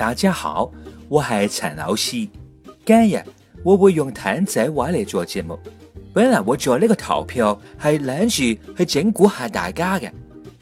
大家好，我係陳老師。今日我會用譚仔話嚟做節目。本來我做呢個投票係諗住去整蠱下大家嘅，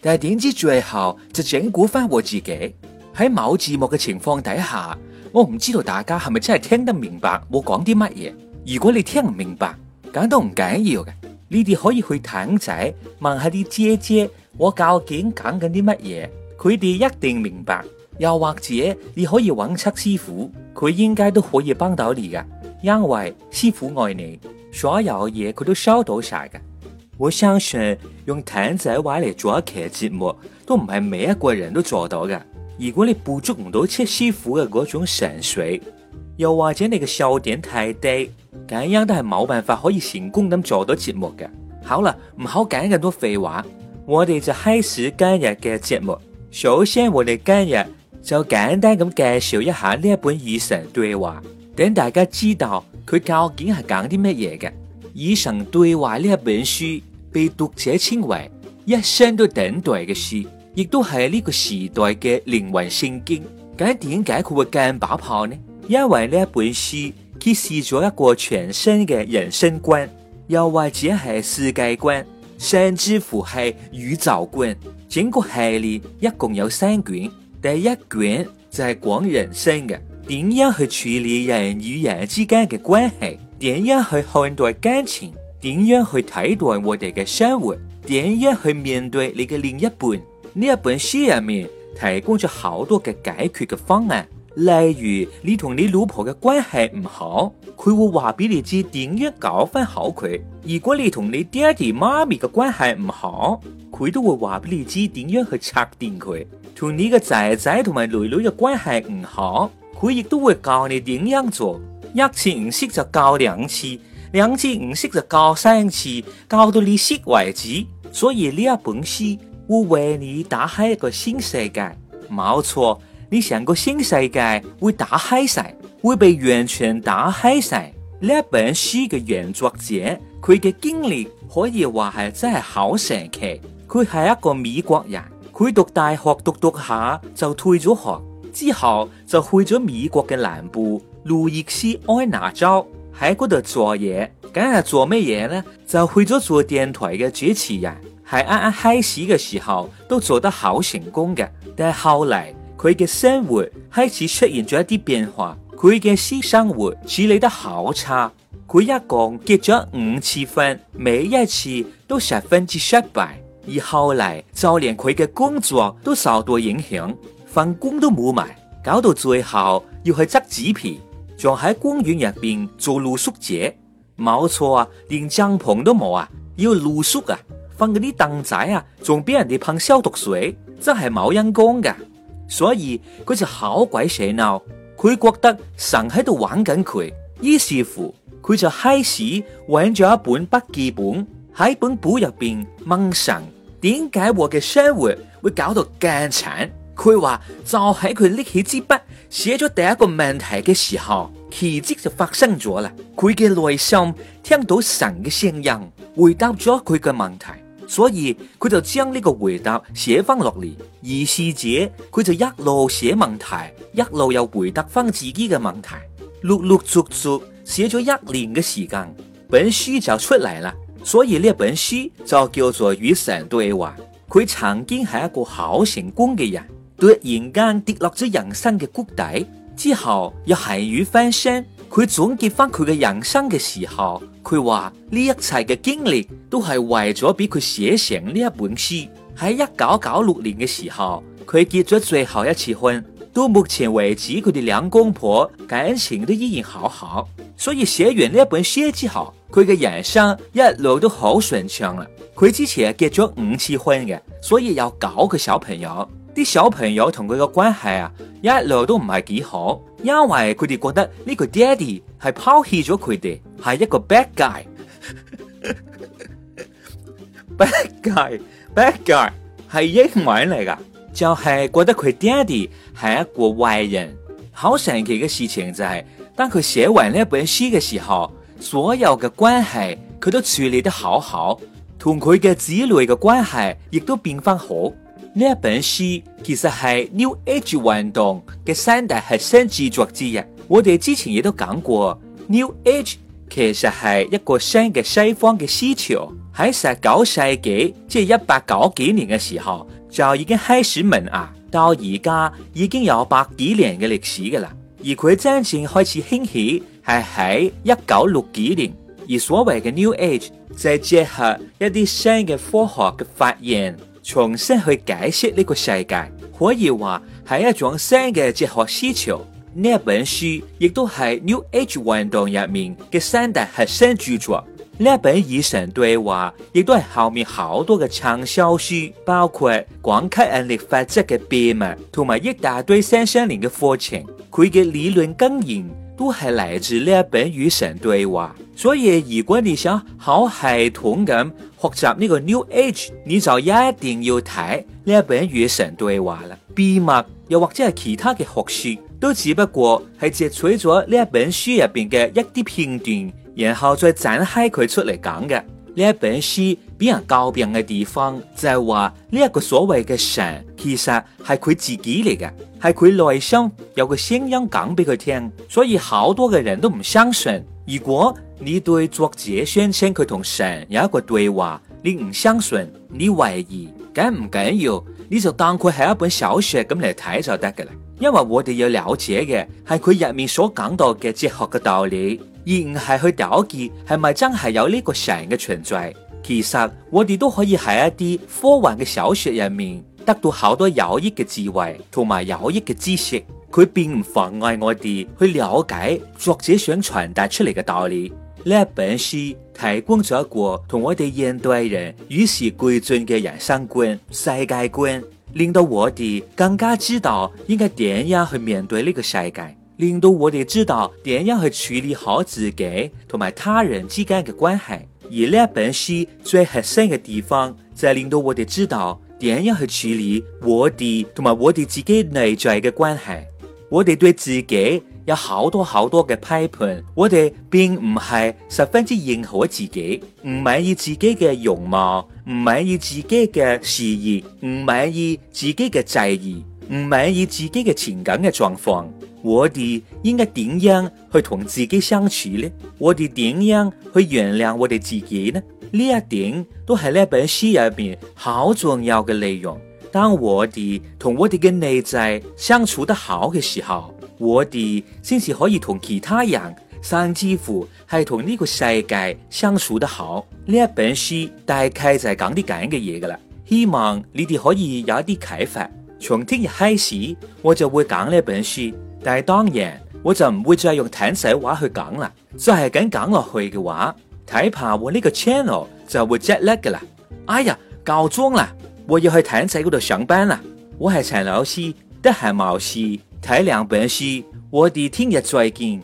但係點知最後就整蠱翻我自己。喺冇字幕嘅情況底下，我唔知道大家係咪真係聽得明白我講啲乜嘢。如果你聽唔明白，咁都唔緊要嘅。你哋可以去譚仔問下啲姐姐，我究竟講緊啲乜嘢，佢哋一定明白。又或者你可以揾七師傅，佢應該都可以幫到你㗎，因為師傅愛你，所有嘢佢都收到晒嘅。我相信用譚仔話嚟做一期節目，都唔係每一個人都做到嘅。如果你捕捉唔到七師傅嘅嗰種神髓，又或者你嘅笑點太低，咁樣都係冇辦法可以成功咁做到節目嘅。好啦，唔好講咁多廢話，我哋就開始今日嘅節目。首先我哋今日，就簡單咁介紹一下呢一本《與神對話》，等大家知道佢究竟係講啲乜嘢嘅。《與神對話》呢一本書被讀者稱為一生都等待嘅書，亦都係呢個時代嘅靈魂聖經。咁點解佢會更把炮呢？因為呢一本書揭示咗一個全新嘅人生觀，又或者係世界觀，甚至乎係宇宙觀。整個系列一共有三卷。第一卷就係講人生嘅，點樣去處理人與人之間嘅關係，點樣去看待感情，點樣去睇待我哋嘅生活，點樣去面對你嘅另一半。呢一本書入面提供咗好多嘅解決嘅方案，例如你同你老婆嘅關係唔好，佢會話俾你知點樣搞翻好佢；如果你同你爹哋媽咪嘅關係唔好，佢都會話俾你知點樣去拆掂佢。同你個仔仔同埋女女嘅關係唔好，佢亦都會教你點樣做，一次唔識就教兩次，兩次唔識就教三次，教到你識為止。所以呢一本書會為你打開一個新世界，冇錯，你成個新世界會打開晒，會被完全打開晒。呢本書嘅原作者，佢嘅經歷可以話係真係好神奇，佢係一個美國人。佢讀大學讀讀下就退咗學，之後就去咗美國嘅南部路易斯安那州，喺嗰度做嘢，咁係做咩嘢呢？就去咗做電台嘅主持人，係啱啱開始嘅時候都做得好成功嘅，但係後嚟佢嘅生活開始出現咗一啲變化，佢嘅私生活處理得好差，佢一共結咗五次婚，每一次都十分之失敗。而後來就連佢嘅工作都受到影響，份工都冇埋，搞到最後要去執紙皮，仲喺公園入邊做露宿者，冇錯啊，連帳篷都冇啊，要露宿啊，瞓嗰啲凳仔啊，仲俾人哋噴消毒水，真係冇陰功噶。所以佢就好鬼死鬧，佢覺得神喺度玩緊佢，於是乎佢就開始玩咗一本筆記本喺本簿入邊掹神。點解我嘅生活會搞到更慘？佢話就喺佢拎起支筆寫咗第一個問題嘅時候，奇蹟就發生咗啦。佢嘅內心聽到神嘅聲音，回答咗佢嘅問題，所以佢就將呢個回答寫翻落嚟。而是者佢就一路寫問題，一路又回答翻自己嘅問題，陸陸續續寫咗一年嘅時間，本書就出嚟啦。所以呢一本書就叫做《與神對話》。佢曾經係一個好成功嘅人，突然間跌落咗人生嘅谷底之後，又係翻身，佢總結翻佢嘅人生嘅時候，佢話呢一切嘅經歷都係為咗俾佢寫成呢一本書。喺一九九六年嘅時候，佢結咗最後一次婚，到目前為止佢哋兩公婆感情都依然好好。所以寫完呢一本書之後，佢嘅人生一路都好順暢啊。佢之前係結咗五次婚嘅，所以有九個小朋友。啲小朋友同佢嘅關係啊一路都唔係幾好，因為佢哋覺得呢個 daddy 係拋棄咗佢哋，係一個 bad guy。 bad guy，bad guy 係 guy，英文嚟噶，就係、是、覺得佢 daddy 係一個壞人。好神奇嘅事情就係，當佢寫完呢一本書嘅時候。所有嘅關係佢都處理得好好，同佢嘅子女嘅關係亦都變返好。呢一本書其實係 New Age 運動嘅三大核心著作之一。我哋之前亦都講過，New Age 其實係一個新嘅西方嘅思潮，喺十九世紀即係、就是、一八九幾年嘅時候就已經開始萌芽，到而家已經有百幾年嘅歷史噶啦。而佢真正開始興起係喺一九六幾年，而所謂嘅 New Age 就係結合一啲新嘅科學嘅發現，重新去解釋呢個世界，可以話係一種新嘅哲學思潮。呢一本書亦都係 New Age 運動入面嘅三大核心著作。呢一本《與神對話》亦都係後面好多嘅暢銷書，包括廣吸引力法則嘅秘密，同埋一大堆新千年嘅課程。佢嘅理論根源都係嚟自呢一本與神對話，所以如果你想好系統咁學習呢個 New Age，你就一定要睇呢一本與神對話啦。秘密又或者係其他嘅學說，都只不過係摘取咗呢一本書入邊嘅一啲片段，然後再展開佢出嚟講嘅。呢一本書俾人詬病嘅地方，就係話呢一個所謂嘅神，其實係佢自己嚟嘅。係佢內心有個聲音講俾佢聽，所以好多嘅人都唔相信。如果你對作者宣稱佢同神有一個對話，你唔相信，你懷疑，緊唔緊要，你就當佢係一本小說咁嚟睇就得噶啦。因為我哋要了解嘅係佢入面所講到嘅哲學嘅道理，而唔係去糾結係咪真係有呢個神嘅存在。其實我哋都可以喺一啲科幻嘅小說入面。得到好多有益嘅智慧同埋有益嘅知識，佢並唔妨礙我哋去了解作者想傳達出嚟嘅道理。呢一本書提供咗一個同我哋現代人與時俱進嘅人生觀、世界觀，令到我哋更加知道應該點樣去面對呢個世界，令到我哋知道點樣去處理好自己同埋他人之間嘅關係。而呢本書最核心嘅地方，就係令到我哋知道。點樣去處理我哋同埋我哋自己內在嘅關係？我哋對自己有好多好多嘅批判，我哋並唔係十分之認可自己，唔滿意自己嘅容貌，唔滿意自己嘅事業，唔滿意自己嘅際遇，唔滿意自己嘅情感嘅狀況。我哋應該點樣去同自己相處呢？我哋點樣去原諒我哋自己呢？呢一點都係呢一本書入邊好重要嘅內容。當我哋同我哋嘅內在相處得好嘅時候，我哋先至可以同其他人甚至乎係同呢個世界相處得好。呢一本書大概就係講啲咁樣嘅嘢噶啦，希望你哋可以有一啲啟發。從聽日開始，我就會講呢本書，但係當然我就唔會再用艇仔話去講啦。再係咁講落去嘅話，睇怕我呢個 channel 就會執笠噶啦。哎呀，夠鐘啦，我要去艇仔嗰度上班啦。我係陳老師，得閒冇事睇兩本書，我哋聽日再見。